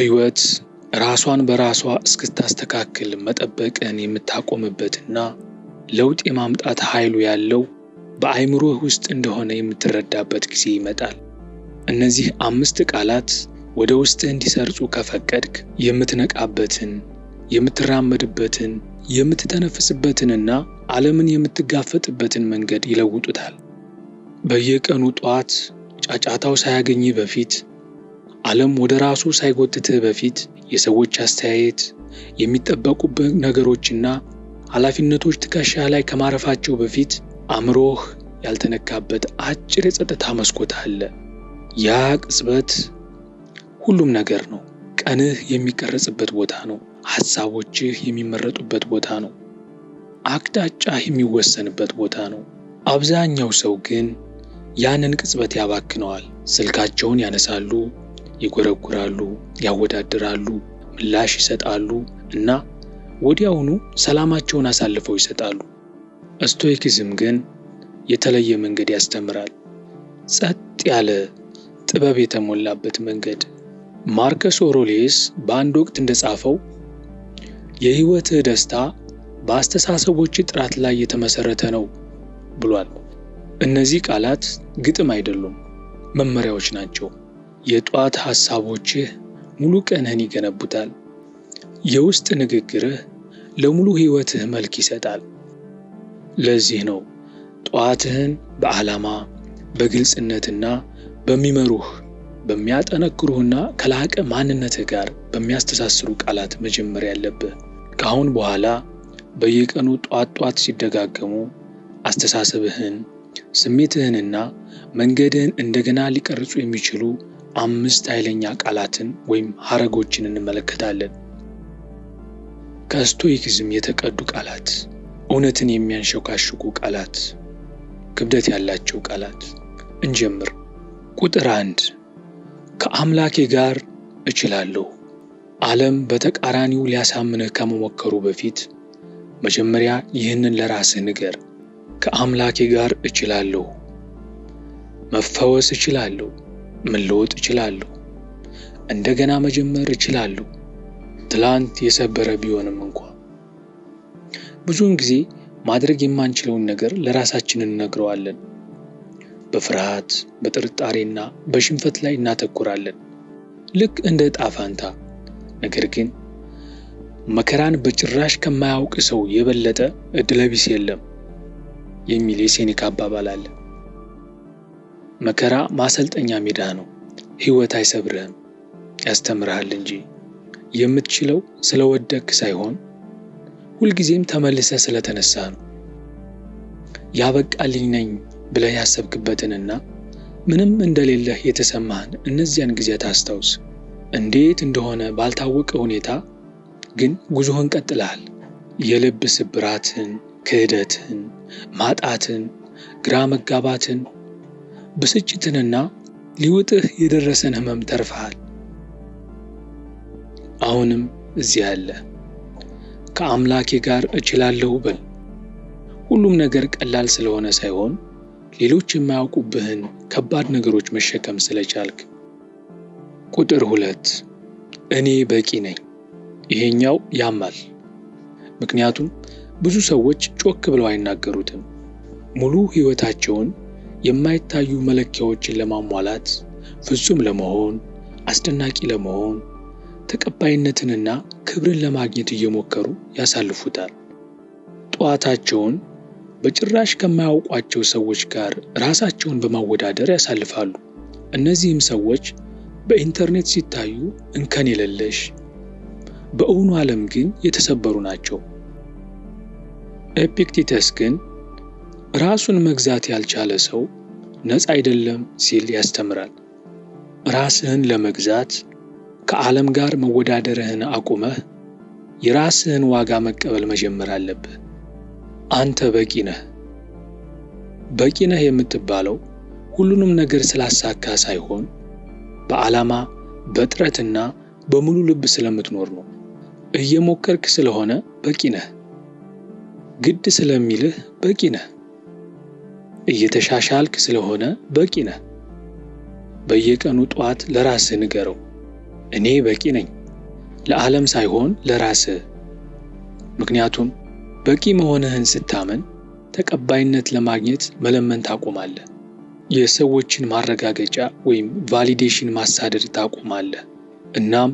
ህይወት ራሷን በራሷ እስክታስተካክል መጠበቅን የምታቆምበትና ለውጥ የማምጣት ኃይሉ ያለው በአይምሮህ ውስጥ እንደሆነ የምትረዳበት ጊዜ ይመጣል። እነዚህ አምስት ቃላት ወደ ውስጥህ እንዲሰርጹ ከፈቀድክ የምትነቃበትን፣ የምትራመድበትን፣ የምትተነፍስበትንና ዓለምን የምትጋፈጥበትን መንገድ ይለውጡታል። በየቀኑ ጠዋት ጫጫታው ሳያገኝህ በፊት ዓለም ወደ ራሱ ሳይጎትትህ በፊት የሰዎች አስተያየት፣ የሚጠበቁብህ ነገሮችና ኃላፊነቶች ትከሻ ላይ ከማረፋቸው በፊት አእምሮህ ያልተነካበት አጭር የጸጥታ መስኮት አለ። ያ ቅጽበት ሁሉም ነገር ነው። ቀንህ የሚቀረጽበት ቦታ ነው። ሐሳቦችህ የሚመረጡበት ቦታ ነው። አቅጣጫህ የሚወሰንበት ቦታ ነው። አብዛኛው ሰው ግን ያንን ቅጽበት ያባክነዋል። ስልካቸውን ያነሳሉ፣ ይጎረጉራሉ፣ ያወዳድራሉ፣ ምላሽ ይሰጣሉ እና ወዲያውኑ ሰላማቸውን አሳልፈው ይሰጣሉ። ስቶይኪዝም ግን የተለየ መንገድ ያስተምራል። ጸጥ ያለ ጥበብ የተሞላበት መንገድ። ማርከስ ኦሮሌስ በአንድ ወቅት እንደጻፈው የህይወትህ ደስታ በአስተሳሰቦች ጥራት ላይ የተመሰረተ ነው ብሏል። እነዚህ ቃላት ግጥም አይደሉም፣ መመሪያዎች ናቸው። የጧት ሐሳቦችህ ሙሉ ቀንህን ይገነቡታል። የውስጥ ንግግርህ ለሙሉ ሕይወትህ መልክ ይሰጣል። ለዚህ ነው ጠዋትህን በዓላማ በግልጽነትና በሚመሩህ በሚያጠነክሩህና ከላቀ ማንነትህ ጋር በሚያስተሳስሩ ቃላት መጀመር ያለብህ። ከአሁን በኋላ በየቀኑ ጧት ጧት ሲደጋገሙ አስተሳሰብህን፣ ስሜትህንና መንገድህን እንደገና ሊቀርጹ የሚችሉ አምስት ኃይለኛ ቃላትን ወይም ሐረጎችን እንመለከታለን። ከስቶይክዝም የተቀዱ ቃላት፣ እውነትን የሚያንሸካሽኩ ቃላት፣ ክብደት ያላቸው ቃላት። እንጀምር። ቁጥር አንድ ከአምላኬ ጋር እችላለሁ። ዓለም በተቃራኒው ሊያሳምንህ ከመሞከሩ በፊት መጀመሪያ ይህንን ለራስህ ንገር። ከአምላኬ ጋር እችላለሁ፣ መፈወስ እችላለሁ መለወጥ እችላለሁ። እንደገና መጀመር እችላለሁ። ትላንት የሰበረ ቢሆንም እንኳ ብዙውን ጊዜ ማድረግ የማንችለውን ነገር ለራሳችን እንነግረዋለን። በፍርሃት በጥርጣሬና በሽንፈት ላይ እናተኩራለን፣ ልክ እንደ ዕጣ ፋንታ። ነገር ግን መከራን በጭራሽ ከማያውቅ ሰው የበለጠ ዕድለቢስ የለም የሚል የሴኔካ አባባል አለ። መከራ ማሰልጠኛ ሜዳ ነው። ሕይወት አይሰብርህም፣ ያስተምርሃል እንጂ የምትችለው ስለወደክ ሳይሆን ሁልጊዜም ተመልሰ ስለተነሳ ነው። ያበቃልኝ ነኝ ብለህ ያሰብክበትንና ምንም እንደሌለህ የተሰማህን እነዚያን ጊዜያት አስታውስ። እንዴት እንደሆነ ባልታወቀ ሁኔታ ግን ጉዞህን ቀጥለሃል። የልብ ስብራትን፣ ክህደትን፣ ማጣትን፣ ግራ መጋባትን ብስጭትንና ሊውጥህ የደረሰን ህመም ተርፈሃል። አሁንም እዚህ አለ። ከአምላኬ ጋር እችላለሁ በል። ሁሉም ነገር ቀላል ስለሆነ ሳይሆን ሌሎች የማያውቁብህን ከባድ ነገሮች መሸከም ስለቻልክ። ቁጥር ሁለት እኔ በቂ ነኝ። ይሄኛው ያማል፣ ምክንያቱም ብዙ ሰዎች ጮክ ብለው አይናገሩትም። ሙሉ ህይወታቸውን የማይታዩ መለኪያዎችን ለማሟላት ፍጹም ለመሆን አስደናቂ ለመሆን ተቀባይነትንና ክብርን ለማግኘት እየሞከሩ ያሳልፉታል። ጠዋታቸውን በጭራሽ ከማያውቋቸው ሰዎች ጋር ራሳቸውን በማወዳደር ያሳልፋሉ። እነዚህም ሰዎች በኢንተርኔት ሲታዩ እንከን የሌለሽ፣ በእውኑ ዓለም ግን የተሰበሩ ናቸው። ኤፒክቲተስ ግን ራሱን መግዛት ያልቻለ ሰው ነፃ አይደለም ሲል ያስተምራል። ራስህን ለመግዛት ከዓለም ጋር መወዳደርህን አቁመህ የራስህን ዋጋ መቀበል መጀመር አለብህ። አንተ በቂ ነህ። በቂ ነህ የምትባለው ሁሉንም ነገር ስላሳካ ሳይሆን በዓላማ በጥረትና በሙሉ ልብ ስለምትኖር ነው። እየሞከርክ ስለሆነ በቂ ነህ። ግድ ስለሚልህ በቂ ነህ። እየተሻሻልክ ስለሆነ በቂ ነህ። በየቀኑ ጠዋት ለራስህ ንገረው፣ እኔ በቂ ነኝ፣ ለዓለም ሳይሆን ለራስህ። ምክንያቱም በቂ መሆንህን ስታመን ተቀባይነት ለማግኘት መለመን ታቆማለህ። የሰዎችን ማረጋገጫ ወይም ቫሊዴሽን ማሳደድ ታቆማለህ። እናም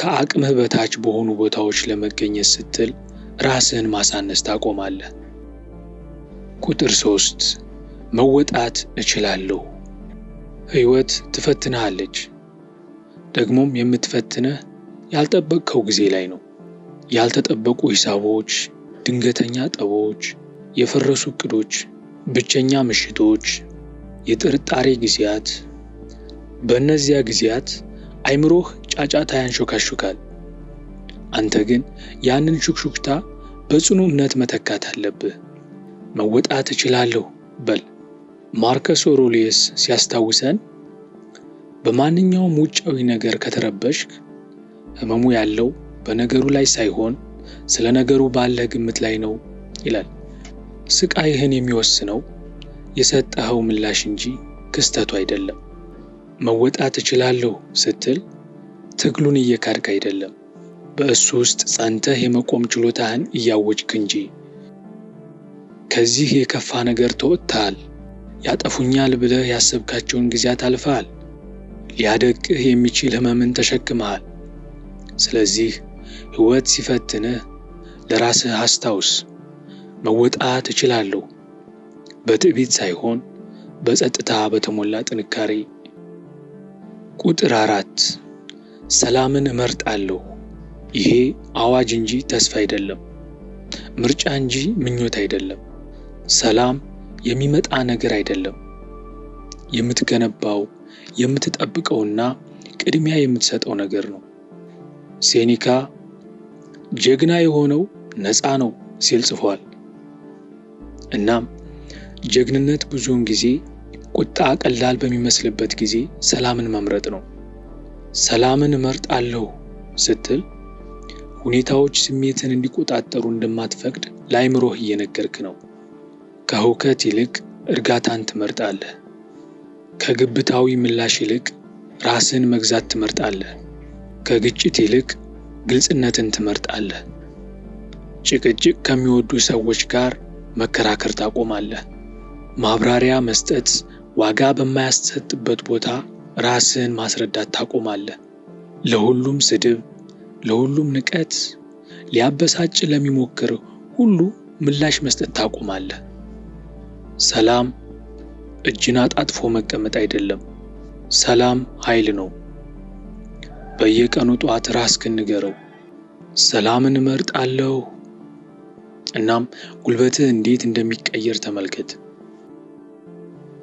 ከአቅምህ በታች በሆኑ ቦታዎች ለመገኘት ስትል ራስህን ማሳነስ ታቆማለህ። ቁጥር ሶስት መወጣት እችላለሁ። ሕይወት ትፈትንሃለች። ደግሞም የምትፈትነህ ያልጠበቅከው ጊዜ ላይ ነው። ያልተጠበቁ ሂሳቦች፣ ድንገተኛ ጠቦች፣ የፈረሱ እቅዶች ፣ ብቸኛ ምሽቶች፣ የጥርጣሬ ጊዜያት። በእነዚያ ጊዜያት አይምሮህ ጫጫታ ያንሾካሹካል። አንተ ግን ያንን ሹክሹክታ በጽኑ እምነት መተካት አለብህ። መወጣት እችላለሁ በል። ማርከስ ኦሮሊየስ ሲያስታውሰን በማንኛውም ውጫዊ ነገር ከተረበሽክ ህመሙ ያለው በነገሩ ላይ ሳይሆን ስለ ነገሩ ባለ ግምት ላይ ነው ይላል። ስቃይህን የሚወስነው የሰጠኸው ምላሽ እንጂ ክስተቱ አይደለም። መወጣት እችላለሁ ስትል ትግሉን እየካድክ አይደለም፣ በእሱ ውስጥ ጸንተህ የመቆም ችሎታህን እያወጅክ እንጂ። ከዚህ የከፋ ነገር ተወጥተሃል ያጠፉኛል ብለህ ያሰብካቸውን ጊዜያት አልፈሃል። ሊያደቅህ የሚችል ህመምን ተሸክመሃል። ስለዚህ ሕይወት ሲፈትንህ ለራስህ አስታውስ፣ መወጣት እችላለሁ፣ በትዕቢት ሳይሆን በጸጥታ በተሞላ ጥንካሬ። ቁጥር አራት ሰላምን እመርጣለሁ። ይሄ አዋጅ እንጂ ተስፋ አይደለም፣ ምርጫ እንጂ ምኞት አይደለም። ሰላም የሚመጣ ነገር አይደለም። የምትገነባው የምትጠብቀውና ቅድሚያ የምትሰጠው ነገር ነው። ሴኒካ ጀግና የሆነው ነፃ ነው ሲል ጽፏል። እናም ጀግንነት ብዙውን ጊዜ ቁጣ ቀላል በሚመስልበት ጊዜ ሰላምን መምረጥ ነው። ሰላምን እመርጣለሁ ስትል ሁኔታዎች ስሜትን እንዲቆጣጠሩ እንደማትፈቅድ ለአይምሮህ እየነገርክ ነው። ከሁከት ይልቅ እርጋታን ትመርጣለህ። ከግብታዊ ምላሽ ይልቅ ራስን መግዛት ትመርጣለህ። ከግጭት ይልቅ ግልጽነትን ትመርጣለህ። ጭቅጭቅ ከሚወዱ ሰዎች ጋር መከራከር ታቆማለህ። ማብራሪያ መስጠት ዋጋ በማያሰጥበት ቦታ ራስህን ማስረዳት ታቆማለህ። ለሁሉም ስድብ፣ ለሁሉም ንቀት፣ ሊያበሳጭ ለሚሞክር ሁሉ ምላሽ መስጠት ታቆማለህ። ሰላም እጅን አጣጥፎ መቀመጥ አይደለም። ሰላም ኃይል ነው። በየቀኑ ጠዋት ራስህን ንገረው፣ ሰላምን እመርጣለሁ። እናም ጉልበትህ እንዴት እንደሚቀየር ተመልከት።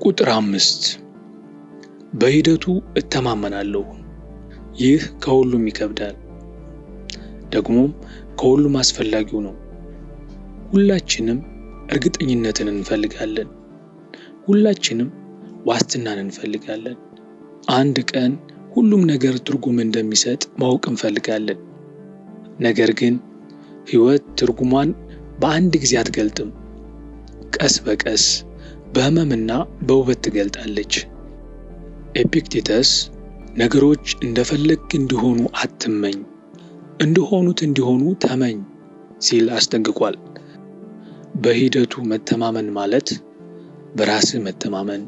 ቁጥር አምስት በሂደቱ እተማመናለሁ። ይህ ከሁሉም ይከብዳል፣ ደግሞም ከሁሉም አስፈላጊው ነው። ሁላችንም እርግጠኝነትን እንፈልጋለን። ሁላችንም ዋስትናን እንፈልጋለን። አንድ ቀን ሁሉም ነገር ትርጉም እንደሚሰጥ ማወቅ እንፈልጋለን። ነገር ግን ሕይወት ትርጉሟን በአንድ ጊዜ አትገልጥም። ቀስ በቀስ በህመምና በውበት ትገልጣለች። ኤፒክቴተስ ነገሮች እንደፈለግ እንዲሆኑ አትመኝ፣ እንደሆኑት እንዲሆኑ ተመኝ ሲል አስጠንቅቋል። በሂደቱ መተማመን ማለት በራስህ መተማመን፣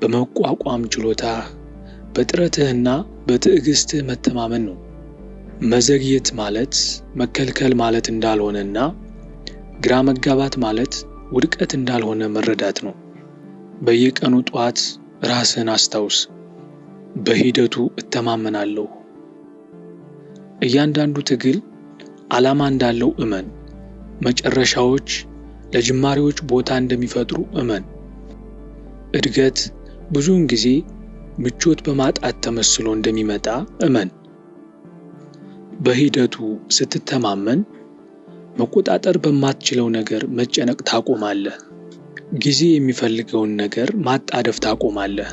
በመቋቋም ችሎታህ፣ በጥረትህና በትዕግስትህ መተማመን ነው። መዘግየት ማለት መከልከል ማለት እንዳልሆነና ግራ መጋባት ማለት ውድቀት እንዳልሆነ መረዳት ነው። በየቀኑ ጠዋት ራስህን አስታውስ። በሂደቱ እተማመናለሁ። እያንዳንዱ ትግል ዓላማ እንዳለው እመን። መጨረሻዎች ለጅማሬዎች ቦታ እንደሚፈጥሩ እመን። እድገት ብዙውን ጊዜ ምቾት በማጣት ተመስሎ እንደሚመጣ እመን። በሂደቱ ስትተማመን መቆጣጠር በማትችለው ነገር መጨነቅ ታቆማለህ። ጊዜ የሚፈልገውን ነገር ማጣደፍ ታቆማለህ።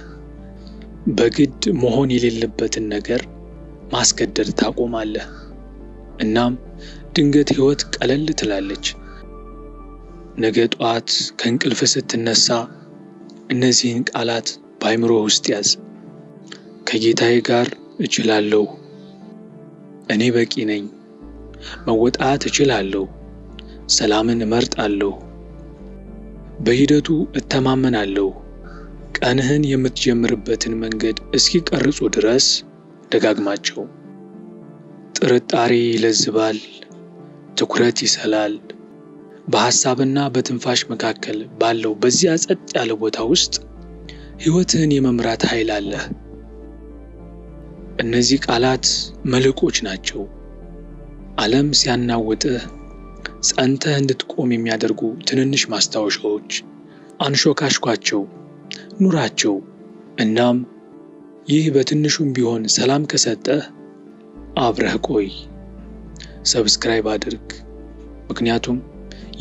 በግድ መሆን የሌለበትን ነገር ማስገደድ ታቆማለህ። እናም ድንገት ሕይወት ቀለል ትላለች። ነገ ጠዋት ከእንቅልፍ ስትነሳ እነዚህን ቃላት በአይምሮ ውስጥ ያዝ። ከጌታዬ ጋር እችላለሁ። እኔ በቂ ነኝ። መወጣት እችላለሁ። ሰላምን እመርጣለሁ። በሂደቱ እተማመናለሁ። ቀንህን የምትጀምርበትን መንገድ እስኪቀርጹ ድረስ ደጋግማቸው። ጥርጣሬ ይለዝባል፣ ትኩረት ይሰላል። በሐሳብና በትንፋሽ መካከል ባለው በዚያ ጸጥ ያለ ቦታ ውስጥ ሕይወትህን የመምራት ኃይል አለህ። እነዚህ ቃላት መልሕቆች ናቸው። ዓለም ሲያናውጥህ ጸንተህ እንድትቆም የሚያደርጉ ትንንሽ ማስታወሻዎች። አንሾካሽኳቸው፣ ኑራቸው። እናም ይህ በትንሹም ቢሆን ሰላም ከሰጠህ አብረህ ቆይ። ሰብስክራይብ አድርግ፣ ምክንያቱም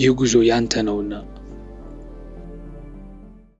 ይህ ጉዞ ያንተ ነውና